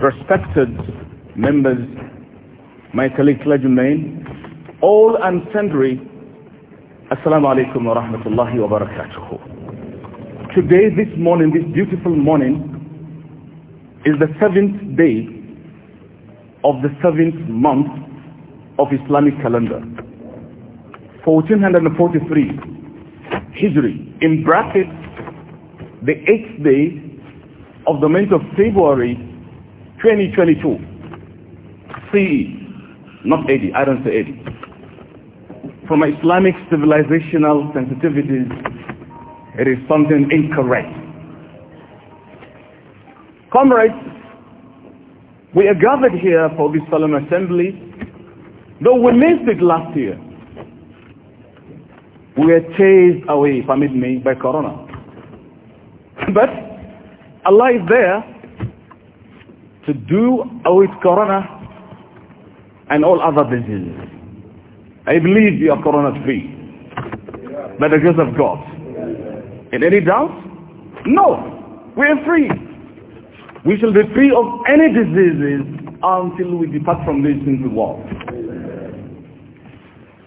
respected members, my colleague clergymen, all and sundry, Assalamu alaikum wa rahmatullahi wa barakatuhu. Today, this morning, this beautiful morning, is the seventh day of the seventh month of Islamic calendar, 1443 Hijri, in brackets, the eighth day of the month of February 2022. CE, not AD, I don't say AD. From Islamic civilizational sensitivities, it is something incorrect. Comrades, we are gathered here for this solemn assembly, though we missed it last year. We were chased away, permit me, by Corona. But Allah is there to do with corona and all other diseases. I believe you are corona free by the grace of God. In any doubt? No, we are free. We shall be free of any diseases until we depart from this sinful world.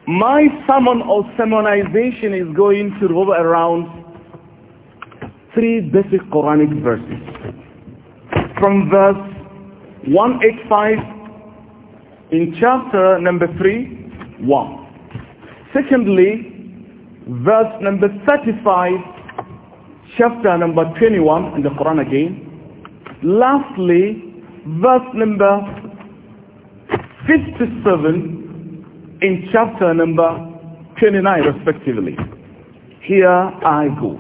My sermon or sermonization is going to revolve around three basic Quranic verses. From verse 185 in chapter number 3, 1. Secondly, verse number 35, chapter number 21 in the Quran again. Lastly, verse number 57 in chapter number 29 respectively. Here I go.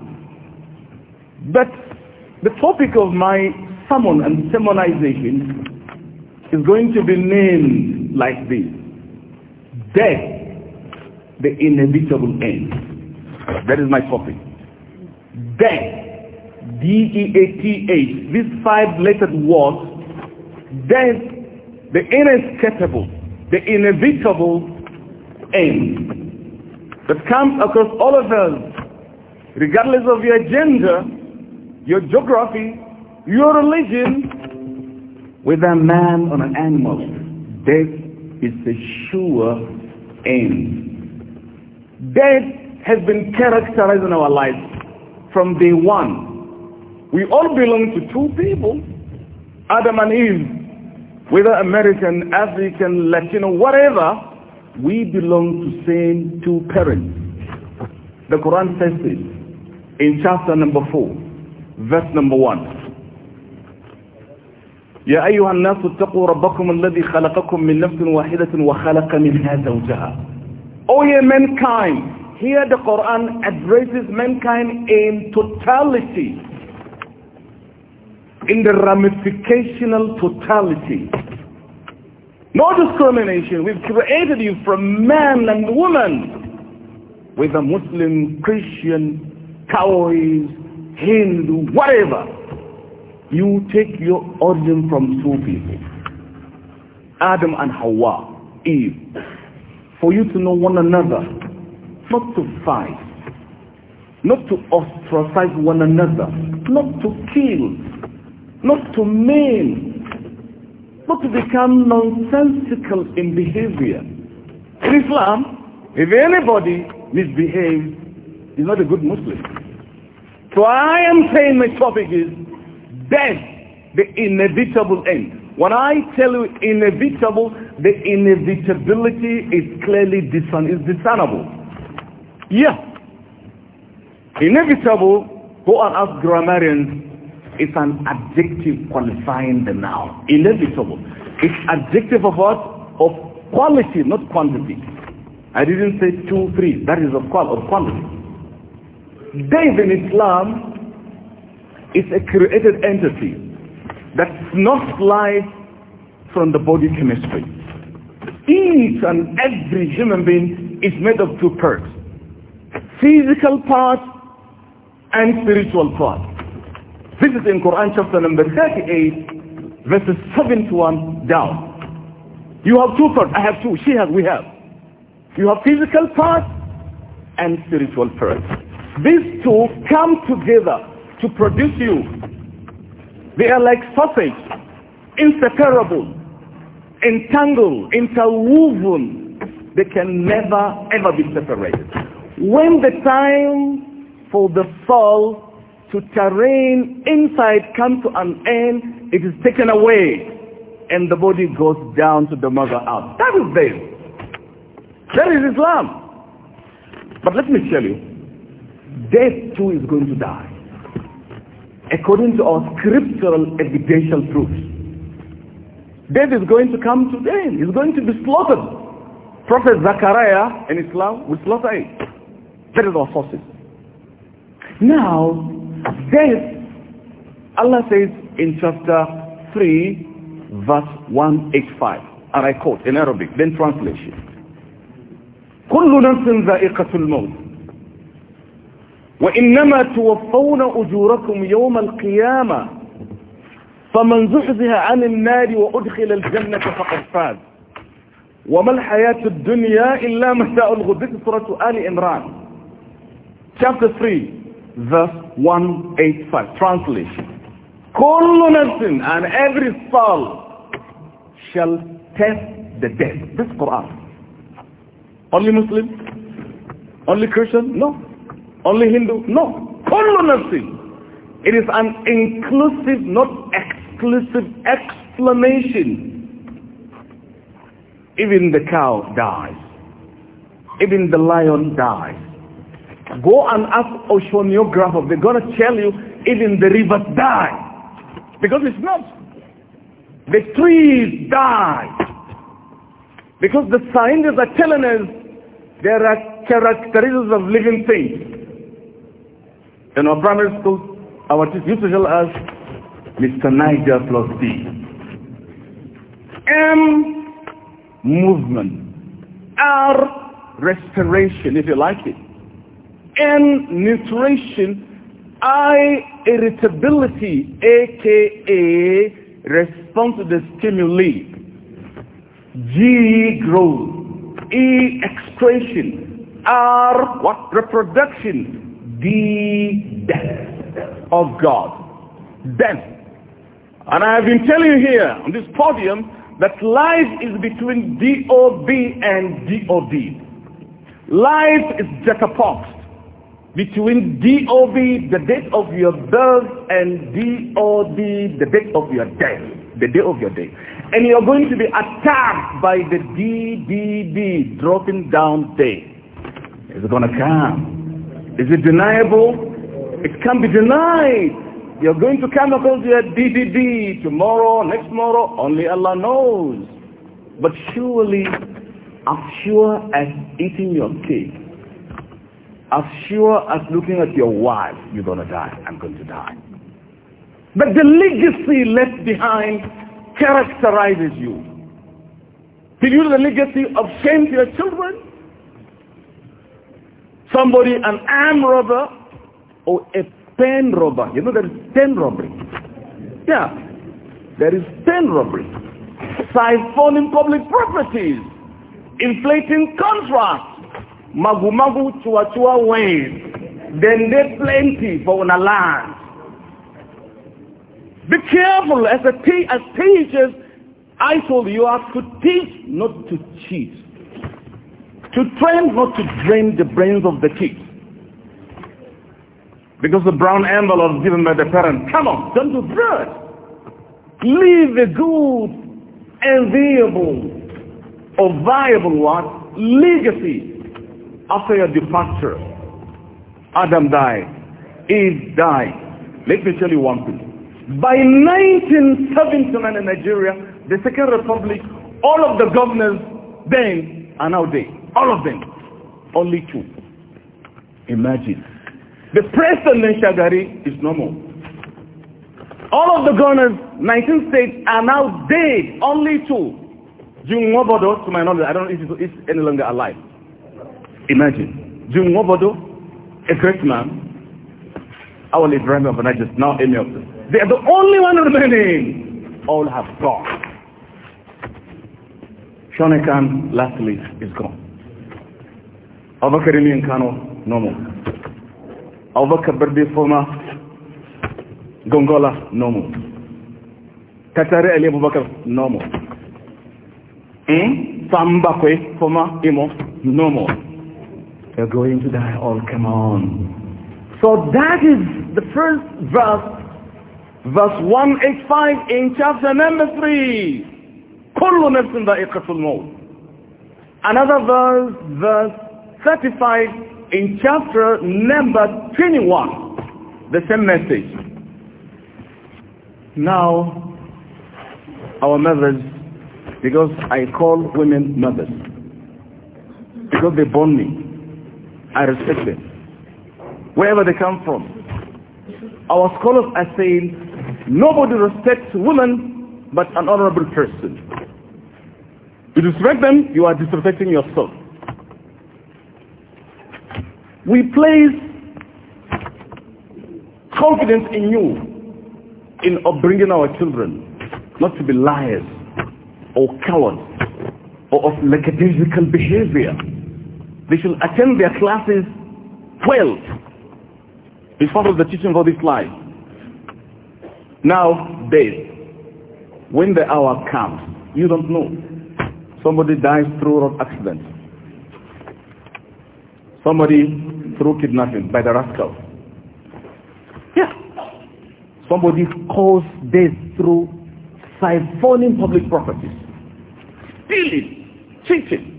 But the topic of my sermon and sermonization is going to be named like this. Death, the inevitable end. That is my topic. Death, D-E-A-T-H, these five-lettered words, death, the inescapable, the inevitable end that comes across all of us, regardless of your gender, your geography, your religion with a man or an animal. Death is a sure end. Death has been characterized in our lives from day one. We all belong to two people, Adam and Eve, whether American, African, Latino, whatever, we belong to same two parents. The Quran says this in chapter number four verse number 1 يا أيها الناس اتقوا ربكم الذي خلقكم من نفس واحدة وخلق منها زوجها O ye mankind Here the Quran addresses mankind in totality in the ramificational totality no discrimination we've created you from man and woman whether Muslim, Christian, Taoist, Hindu, whatever, you take your origin from two people, Adam and Hawa, Eve, for you to know one another, not to fight, not to ostracize one another, not to kill, not to mean, not to become nonsensical in behavior. In Islam, if anybody misbehaves, he's not a good Muslim. So I am saying my topic is death, the inevitable end. When I tell you inevitable, the inevitability is clearly discern is discernible. Yeah. Inevitable, who are us grammarians, It's an adjective qualifying the noun. Inevitable. It's adjective of what? Of quality, not quantity. I didn't say two, three. That is of qual of quality. Dave in Islam is a created entity that not life from the body chemistry. Each and every human being is made of two parts, physical part and spiritual part. This is in Quran chapter number 38, verses 71 down. You have two parts, I have two, she has, we have. You have physical part and spiritual part. These two come together to produce you. They are like sausage, inseparable, entangled, interwoven. They can never ever be separated. When the time for the fall to terrain inside comes to an end, it is taken away and the body goes down to the mother earth. That is this. That is Islam. But let me tell you, death too is going to die. According to our scriptural evidential proofs. Death is going to come to them. It's going to be slaughtered. Prophet Zechariah in Islam will slaughter it. That is our sources. Now, death, Allah says in chapter 3, verse 185, and I quote in Arabic, then translation. كل نفس ذائقة الموت وإنما توفون أجوركم يوم القيامة فمن زحزها عن النار وأدخل الجنة فقد فاز وما الحياة الدنيا إلا متاع الغد سورة آل إمران chapter 3 verse 185 translation كل نفس and every soul shall test the death this Quran only Muslim only Christian no Only Hindu? No. Kullu nafsin. It is an inclusive, not exclusive explanation. Even the cow dies. Even the lion dies. Go and ask oceanographer. They're going to tell you even the river dies. Because it's not. The trees die. Because the scientists are telling us there are characteristics of living things. In our primary school, our teacher used to tell us, Mr. Niger plus D. M, movement. R, respiration, if you like it. N, nutrition. I, irritability, aka response to the stimuli. G, growth. E, excretion. R, what? Reproduction the death of God. Death. And I have been telling you here on this podium that life is between DOB and DOD. Life is juxtaposed between DOB, the date of your birth, and DOD, the date of your death the day of your death. And you're going to be attacked by the D dropping down day. It's going to come. Is it deniable? It can be denied. You're going to come across your DDD tomorrow, next tomorrow, only Allah knows. But surely, as sure as eating your cake, as sure as looking at your wife, you're going to die. I'm going to die. But the legacy left behind characterizes you. Did you the legacy of shame to your children? somebody, an arm robber or a pen robber. You know there is pen robbery. Yeah, there is pen robbery. Siphoning public properties, inflating contracts, magu-magu, chua-chua ways. Then they plenty for a land. Be careful as, a te as teachers. I told you I have to teach, not to cheat to train not to drain the brains of the kids. Because the brown envelope given by the parent, come on, don't do that. Leave a good, enviable, or viable what? Legacy after your departure. Adam died. Eve died. Let me tell you one thing. By 1979 in Nigeria, the Second Republic, all of the governors then are now dead. All of them. Only two. Imagine. The president in Shagari is normal. All of the governors, 19 states, are now dead. Only two. Jun Wobodo, to my knowledge, I don't know if he's any longer alive. Imagine. Jun Wobodo, a great man, our Ibrahim of Niger, now any of them, They are the only one remaining. All have gone. Shonekan, lastly, is gone. Abubakar in Kano, no more. Abubakar former Gongola, no more. Katare Ali Abubakar, no more. Hmm? Eh? former Imo, no more. are going to die all, come on. So that is the first verse verse 185 in chapter number 3 كل نفس ذائقة الموت another verse verse certified in chapter number 21, the same message. Now, our mothers, because I call women mothers, because they born me, I respect them, wherever they come from. Our scholars are saying, nobody respects women but an honorable person. You respect them, you are disrespecting yourself. We place confidence in you in upbringing our children not to be liars or cowards or of lackadaisical behavior. They should attend their classes well. It's part of the teaching of this life. Now, days, when the hour comes, you don't know. Somebody dies through road accident. Somebody through kidnapping by the rascals. Yeah. Somebody caused death through siphoning public properties, stealing, cheating.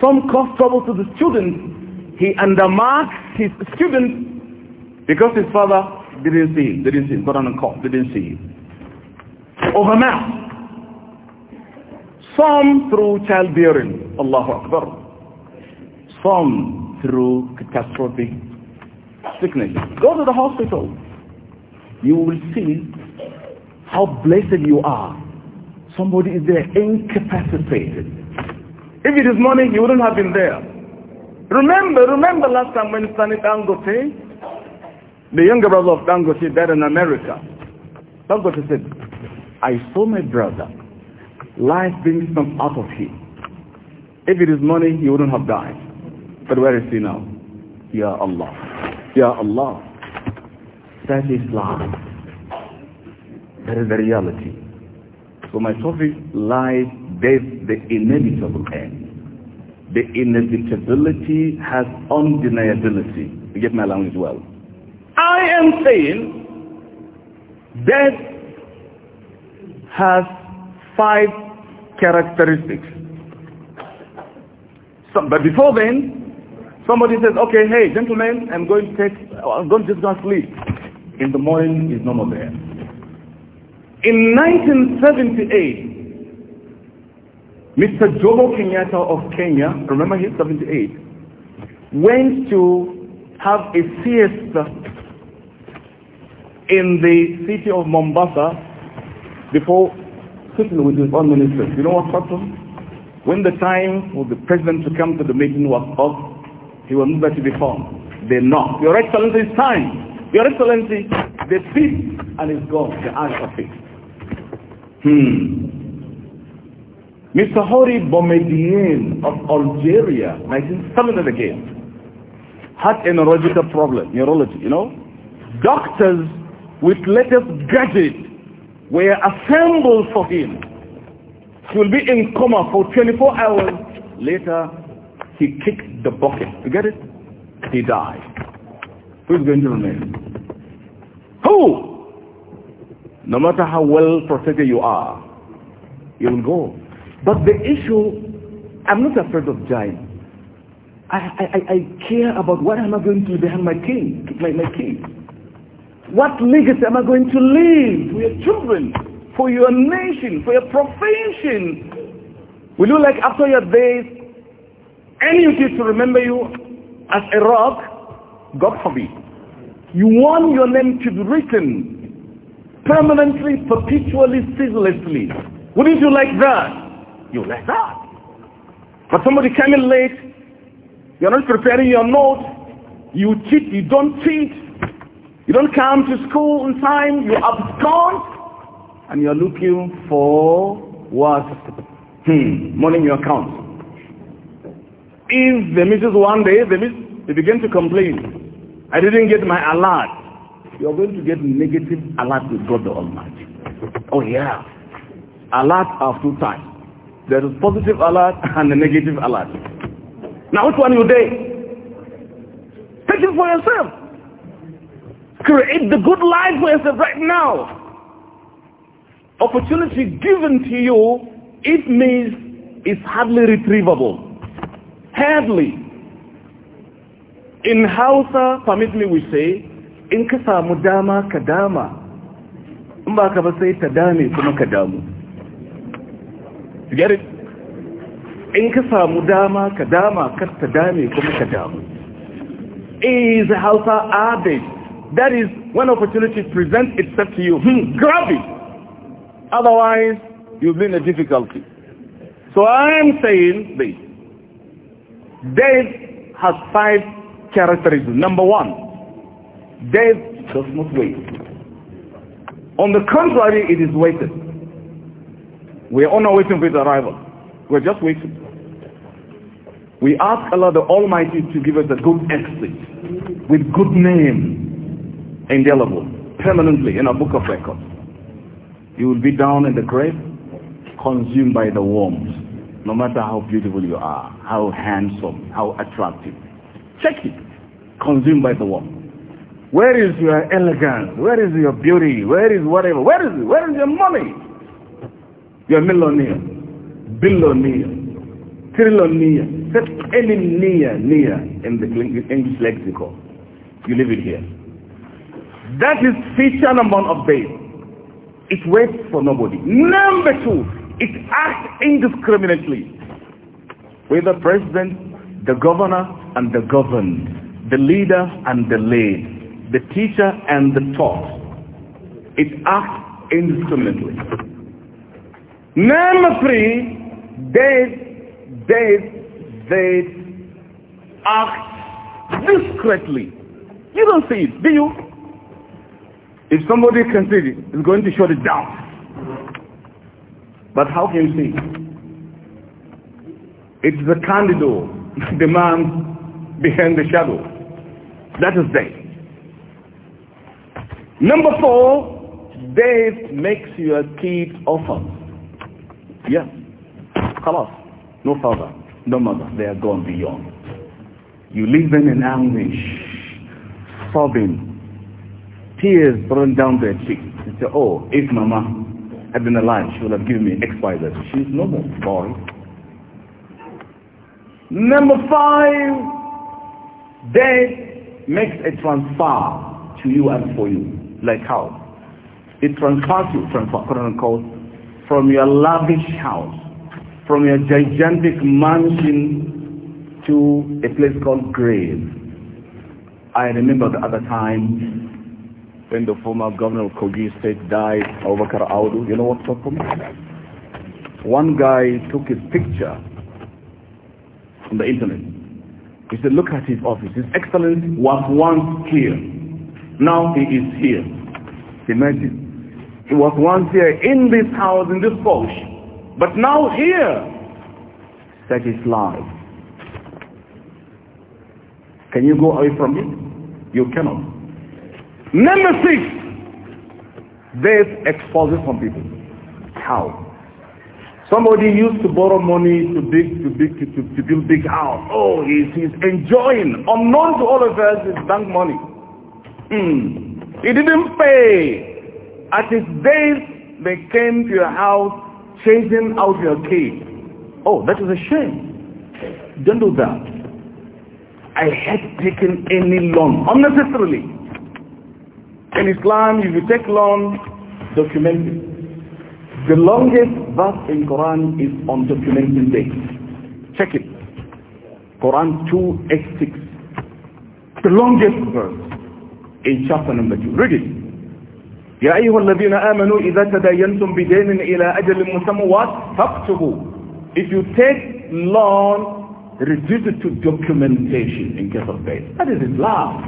Some caused trouble to the students. He undermarked his students because his father didn't see him, didn't see him, got on a call, didn't see him. now, Some through childbearing, Allahu Akbar. Some through catastrophic sickness. Go to the hospital. You will see how blessed you are. Somebody is there incapacitated. If it is money, you wouldn't have been there. Remember, remember last time when Stanley Dangote, the younger brother of Dangote died in America. Dangote said, I saw my brother. Life being sucked out of him. If it is money, he wouldn't have died. But where is he now? Ya Allah. Ya Allah. That is life. That is the reality. So my topic, life, death, the inevitable end. The inevitability has undeniability. You get my language well. I am saying death has five characteristics. So, but before then, Somebody says, okay, hey, gentlemen, I'm going to take, I'm going to just go sleep. In the morning, is no more there. In 1978, Mr. Jomo Kenyatta of Kenya, remember he's 78, went to have a siesta in the city of Mombasa before sitting with his own ministers. You know what happened? When the time for the president to come to the meeting was up, he will move to be form. They knock. Your Excellency, it's time. Your Excellency, they speak and it's gone. The answer fixed. Hmm. Mr. Hori Bomedien of Algeria, 1970 again, had a neurological problem, neurology, you know. Doctors with latest gadget were assembled for him. He will be in coma for 24 hours. Later, he kicked the bucket. You get it? He died. Who's going to remain? Who? No matter how well protected you are, you will go. But the issue, I'm not afraid of giants. I, I, I care about what am I going to leave behind my king, my, my king? What legacy am I going to leave for your children, for your nation, for your profession? Will you like after your days any of you to remember you as a rock, God forbid. You want your name to be written permanently, perpetually, ceaselessly. Wouldn't you like that? You like that. But somebody came in late, you're not preparing your note, you cheat, you don't cheat, you don't come to school on time, you abscond, and you're looking for what? Hmm, money in your account. If the misses one day, they, miss, they begin to complain. I didn't get my alert. You're going to get negative alert with God the Almighty. Oh yeah. Alert of two types. There is positive alert and a negative alert. Now which one you day? Take it for yourself. Create the good life for yourself right now. Opportunity given to you, it means it's hardly retrievable. Thirdly, in Hausa, permit me we say, in kasa mudama kadama, mba kaba say tadani ka kuma You get it? In kasa mudama kadama ka dama kar kuma Is a Hausa adage. That is, when opportunity presents itself to you, hmm, grab it. Otherwise, you'll be in a difficulty. So I'm saying this. Death has five characteristics. Number one, death does not wait. On the contrary, it is waited. We are not waiting for its arrival. We're just waiting. We ask Allah the Almighty to give us a good exit with good name, indelible, permanently in a book of records. You will be down in the grave, consumed by the worms no matter how beautiful you are, how handsome, how attractive. Check it. Consumed by the world. Where is your elegance? Where is your beauty? Where is whatever? Where is it? Where is your money? You're a millionaire, billionaire, trillionaire, any near, near in the English lexicon. You leave it here. That is feature number one of faith. It waits for nobody. Number two, it acts indiscriminately. With the president, the governor, and the governed, the leader and the laid, the teacher and the taught. It acts indiscriminately. Number three, they, they, they act discreetly. You don't see it, do you? If somebody can see it, it's going to shut it down. But how can you see? It's the candidate, the man behind the shadow. That is death. Number four, death makes your kids orphans. Yes. Khalas. No father, no mother. They are gone beyond. You leave them in anguish, sobbing, tears run down their cheeks. You say, oh, if mama had been alive, she would have given me X, Y, Z. She's no more, boy. Number five, death makes a transfer to you and for you. Like how? It transfers you, transfer, quote unquote, from your lavish house, from your gigantic mansion to a place called grave. I remember the other time when the former governor of Kogi State died, Abubakar Audu, you know what happened? One guy took his picture on the internet. He said, look at his office. His Excellency was once here. Now he is here. Imagine. He was once here in this house, in this bush. But now here. That is life. Can you go away from it? You cannot. Number six, this exposes some people. How? Somebody used to borrow money to big to big to, to, to build big house. Oh, he's, he's enjoying. Unknown to all of us is bank money. Hmm. He didn't pay. At his days, they came to your house chasing out your kid. Oh, that is a shame. Don't do that. I hate taking any loan unnecessarily. In Islam, if you take long, document it. The longest verse in Quran is on documenting dates. Check it. Quran 286. The longest verse in chapter number 2. Read it. يا أيها الذين آمنوا إذا تداينتم بدين إلى أجل مسمى فاكتبوا If you take long, reduce it to documentation in case of faith. That is Islam.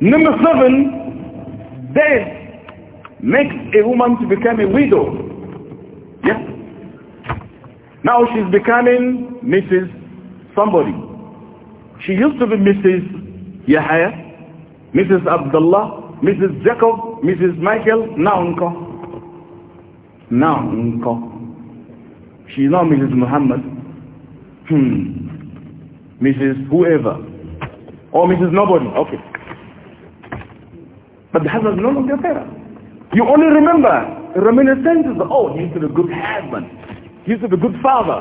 Number seven, death makes a woman to become a widow. Yeah. Now she's becoming Mrs. Somebody. She used to be Mrs. Yahya, Mrs. Abdullah, Mrs. Jacob, Mrs. Michael, now Uncle. Now Uncle. She's now Mrs. Muhammad. Hmm. Mrs. Whoever. Or Mrs. Nobody. Okay. But the husband no longer there. You only remember reminiscences. Oh, he used to be a good husband. He used to be a good father.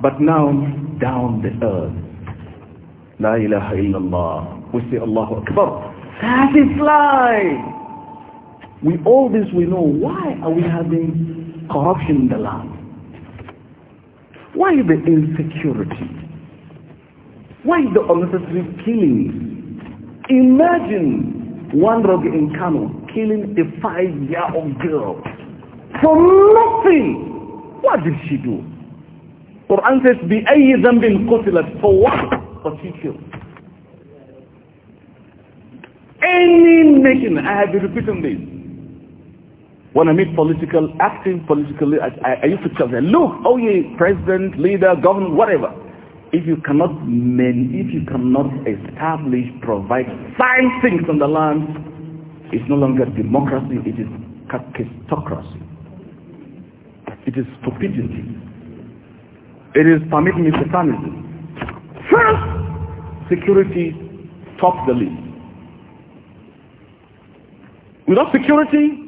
But now, down the earth. La ilaha illallah. We say Allahu Akbar. life. We all this we know. Why are we having corruption in the land? Why the insecurity? Why the unnecessary killing? Imagine one rogue in Kano killing a five-year-old girl for nothing. What did she do? Quran says, بِأَيِّ ذَنْبٍ قُتِلَتْ For what? But she killed. Any nation, I have been repeating this. When I meet political, acting politically, I, I, I used to tell them, look, oh yeah, president, leader, governor, whatever if you cannot men, if you cannot establish, provide five things on the land, it's no longer democracy, it is kakistocracy. It is stupidity. It is permitting satanism. First, security tops the list. Without security,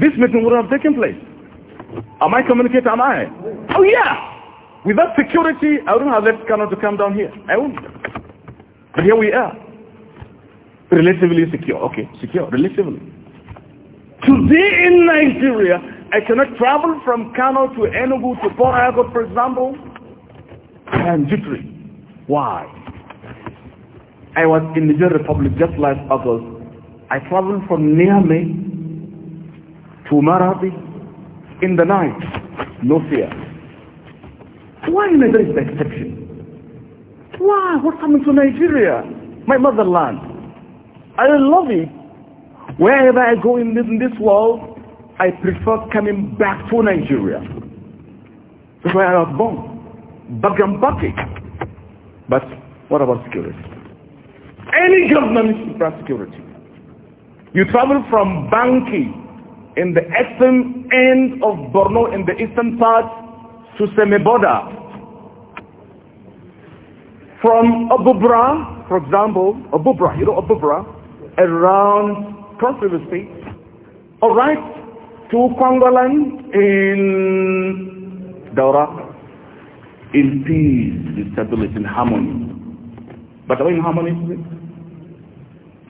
this meeting would have taken place. Am I communicating? Am I? Oh yeah! Without security, I wouldn't have left Kano to come down here. I wouldn't. But here we are. Relatively secure. Okay, secure, relatively. Today in Nigeria, I cannot travel from Kano to Enugu to Port Harcourt, for example. I am jittery. Why? I was in the Niger Republic just last August. I traveled from Niamey to Marathi in the night. No fear. Why Nigeria is the exception? Why? What happened to Nigeria? My motherland. I love it. Wherever I go in this, in this world, I prefer coming back to Nigeria. That's where I was born. Back and back. But what about security? Any government is about security. You travel from Banki in the eastern end of Borno in the eastern part to Semeboda. From Abubra, for example, Abubra, you know Abubra, around Cross River State, all right to Kwangalan in Daura, in peace, in stability, in harmony. But are we in harmony today?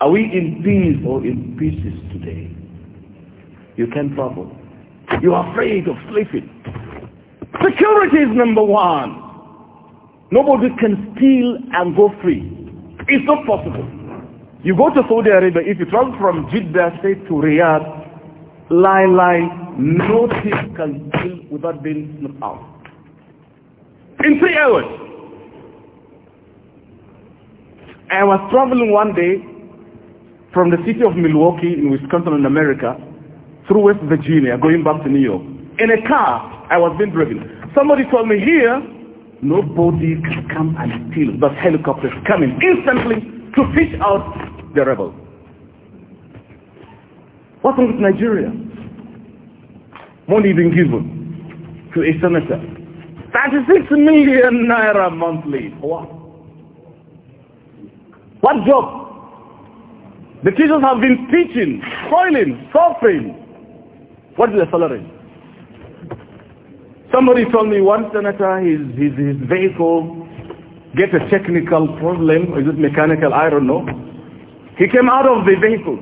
Are we in peace or in pieces today? You can't travel. You are afraid of sleeping. Security is number one. Nobody can steal and go free. It's not possible. You go to Saudi Arabia, if you travel from Jeddah, State to Riyadh, line, line, no thief can steal without being snipped out. In three hours. I was traveling one day from the city of Milwaukee in Wisconsin in America through West Virginia, going back to New York, in a car I was being driven. Somebody told me here, nobody can come and steal. But helicopters coming instantly to fish out the rebels. What's wrong with Nigeria? Money being given to a senator. 36 million naira monthly. What? What job? The teachers have been teaching, toiling, suffering. What is the salary? Somebody told me one senator, his, his, his vehicle get a technical problem, is it mechanical, I don't know. He came out of the vehicle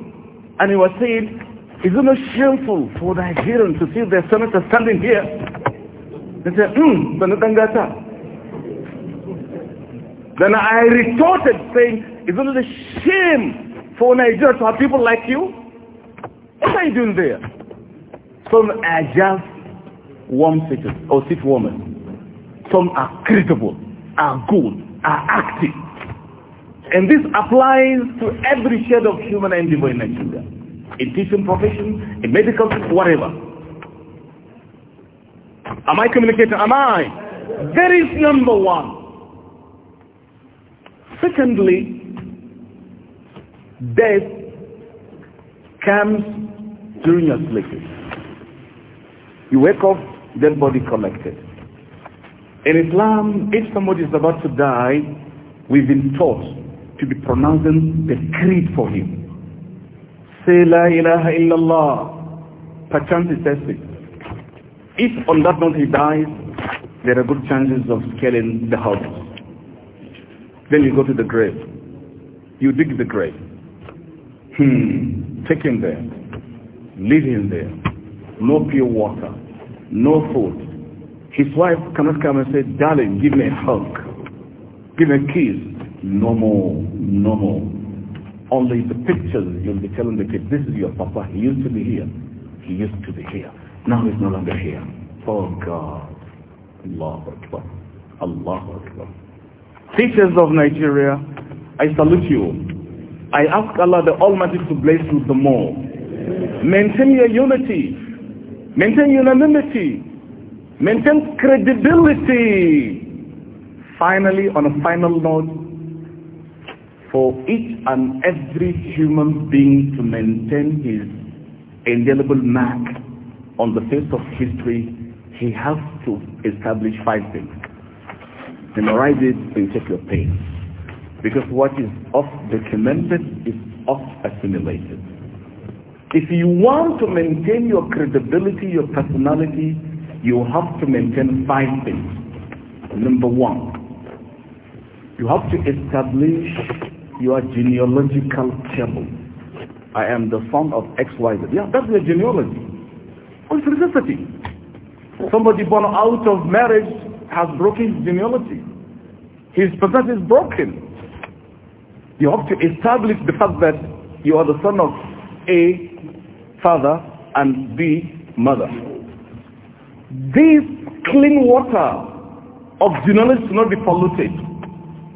and he was saying, is it shameful for Nigerians to see their senator standing here? They said, hmm, Sanatangata. Then I retorted saying, is it a shame for Nigeria to have people like you? What are you doing there? Some are just warm fetus or seat women. Some are credible, are good, are active. And this applies to every shade of human endeavor in Nigeria. In teaching profession, in medical, whatever. Am I communicating? Am I? That is number one. Secondly, death comes during your sleep. You wake up dead body collected. In Islam, if somebody is about to die, we've been taught to be pronouncing the creed for him. Say La ilaha illallah. Perchance he says it. If on that note he dies, there are good chances of scaling the house. Then you go to the grave. You dig the grave. Hmm. Take him there. Leave him there. No pure water no food. His wife cannot come and say, darling, give me a hug, give me a kiss. No more, no more. Only the pictures you'll be telling the kid, this is your papa, he used to be here. He used to be here. Now he's no longer here. Oh God. Allah Akbar. Allah Akbar. Teachers of Nigeria, I salute you. I ask Allah the Almighty to bless you the more. Maintain your unity maintain unanimity, maintain credibility. Finally, on a final note, for each and every human being to maintain his indelible mark on the face of history, he has to establish five things. Memorize it and take your pain. Because what is off documented is off assimilated. If you want to maintain your credibility, your personality, you have to maintain five things. Number one, you have to establish your genealogical table. I am the son of XYZ. Yeah, that's your genealogy. Oh, it's necessity. Somebody born out of marriage has broken his genealogy. His present is broken. You have to establish the fact that you are the son of A father and be mother. This clean water of genealogy should not be polluted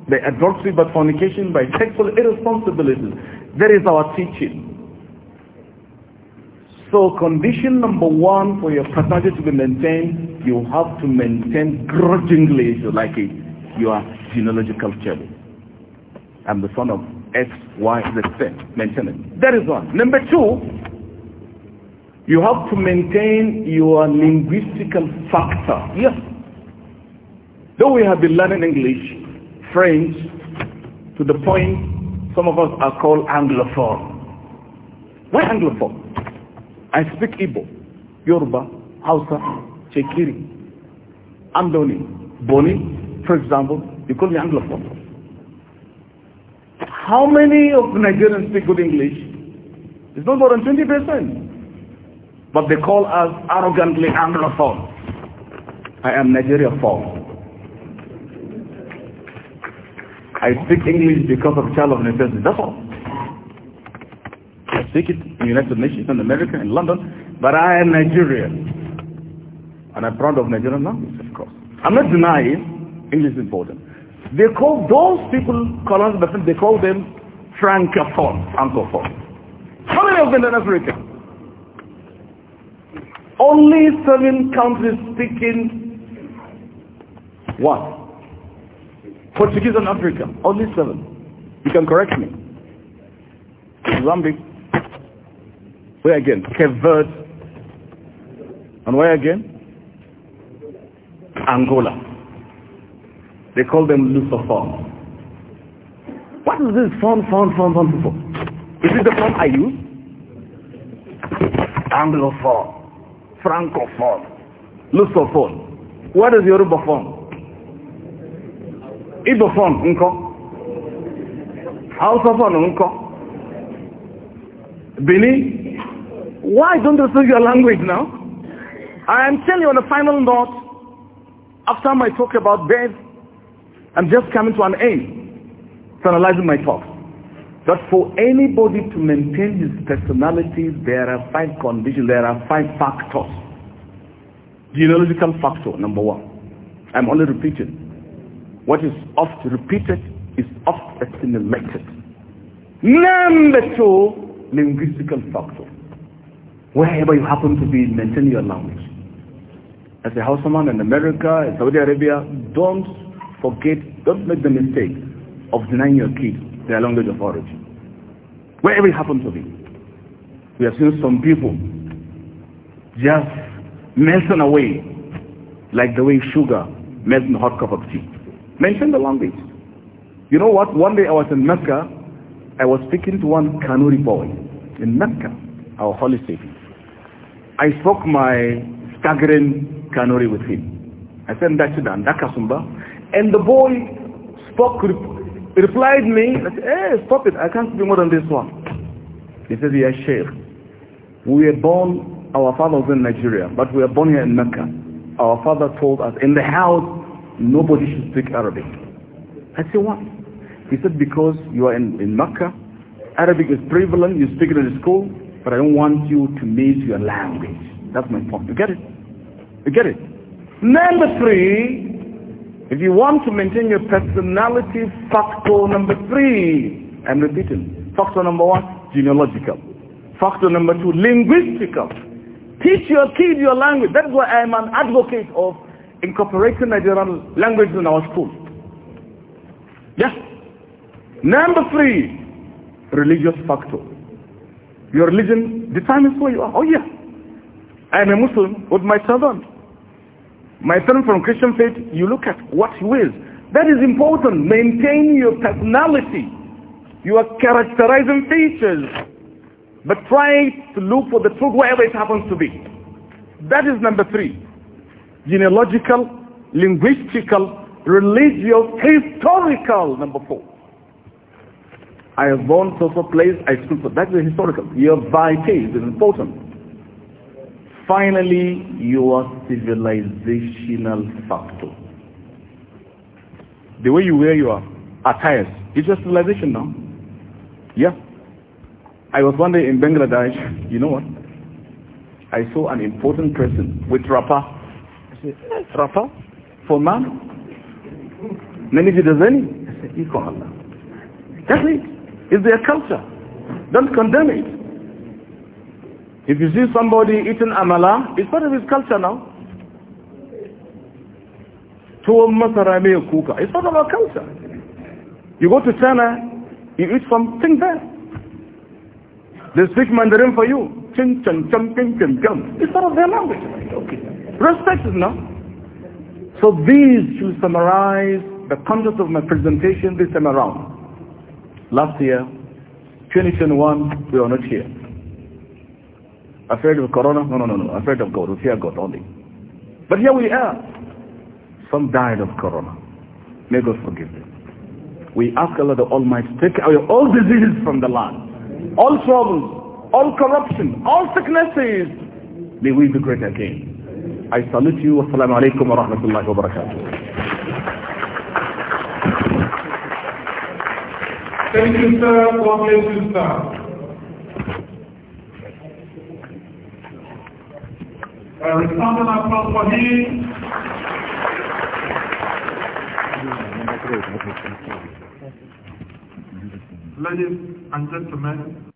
by adultery, by fornication, by sexual irresponsibility. That is our teaching. So condition number one for your paternity to be maintained, you have to maintain grudgingly, if you like it, your genealogical cherry. I'm the son of X, Y, Z. Maintain it. That is one. Number two, you have to maintain your linguistical factor. Yes. Though we have been learning English, French, to the point some of us are called Anglophone. Why Anglophone? I speak Igbo, Yoruba, Hausa, Chekiri, Andoni, Boni, for example. You call me Anglophone. How many of Nigerians speak good English? It's not more than 20%. But they call us arrogantly Anglophone. I am Nigeria phone. I speak English because of child of necessity. That's all. I speak it in the United Nations, in America, in London, but I am Nigerian. And I'm proud of Nigerian language, of course. I'm not denying English is important. They call those people, colonized, they call them francophones, Anglophone. How many of them in Africa? Only seven countries speaking what? Portuguese and Africa. Only seven. You can correct me. Zambia. Where again? Cape Verde. And where again? Angola. They call them Lusophone. What is this phone, phone, phone, phone for? Is it the phone I use? Anglophone francophone, lusophone. What is Yoruba phone? Igbo phone, unko. of phone, unko. Bini? Why don't you speak your language now? I am telling you on a final note, after my talk about death, I'm just coming to an end, finalizing my talk that for anybody to maintain his personality, there are five conditions, there are five factors. Genealogical factor, number one. I'm only repeating. What is oft repeated is oft assimilated. Number two, linguistical factor. Wherever you happen to be, maintain your language. As a houseman in America, in Saudi Arabia, don't forget, don't make the mistake of denying your kids their language of origin. Wherever it happened to be. We have seen some people just melting away like the way sugar melts in a hot cup of tea. Mention the language. You know what? One day I was in Mecca. I was speaking to one Kanuri boy in Mecca, our holy city. I spoke my staggering Kanuri with him. I said, the Ndakasumba. And the boy spoke he replied me, I hey, eh, stop it, I can't speak more than this one. He says, yes, Sheikh, we were born, our father was in Nigeria, but we were born here in Mecca. Our father told us, in the house, nobody should speak Arabic. I said, why? He said, because you are in, in Mecca, Arabic is prevalent, you speak it in school, but I don't want you to miss your language. That's my point. You get it? You get it? Number three, if you want to maintain your personality, factor number three, I'm repeating, factor number one, genealogical. Factor number two, linguistical. Teach your kid your language. That's why I'm an advocate of incorporating Nigerian language in our school. Yes. Number three, religious factor. Your religion determines who you are. Oh yeah. I'm a Muslim with my servant. My friend from Christian faith, you look at what he wears. That is important. Maintain your personality, your characterizing features, but try to look for the truth wherever it happens to be. That is number three. Genealogical, linguistical, religious, historical, number four. I was born to a place, I stood for that is historical. Your vitae is important. Finally, your civilizational factor. The way you wear your attires, it's your civilization now. Yeah. I was one day in Bangladesh, you know what? I saw an important person with wrapper. rapper For man? Many does any? I said, Allah. That's it. It's their culture. Don't condemn it. If you see somebody eating amala, it's part of his culture now. Tuwon masara mai kuka, it's part of our culture. You go to China, you eat something there. They speak Mandarin for you. Chin, chin, chin, chin, chin, chin. It's part of their language. Okay. Respect is now. So these should summarize the content of my presentation this time around. Last year, 2021, we are not here. Afraid of corona? No, no, no, no. Afraid of God. We fear God only. But here we are. Some died of corona. May God forgive them. We ask Allah the Almighty to take away all diseases from the land, all troubles, all corruption, all sicknesses. May we be great again. I salute you. Wassalamu alaikum wa rahmatullahi wa barakatuh. Thank you, sir. God bless you, sir. a resounding Ladies and gentlemen,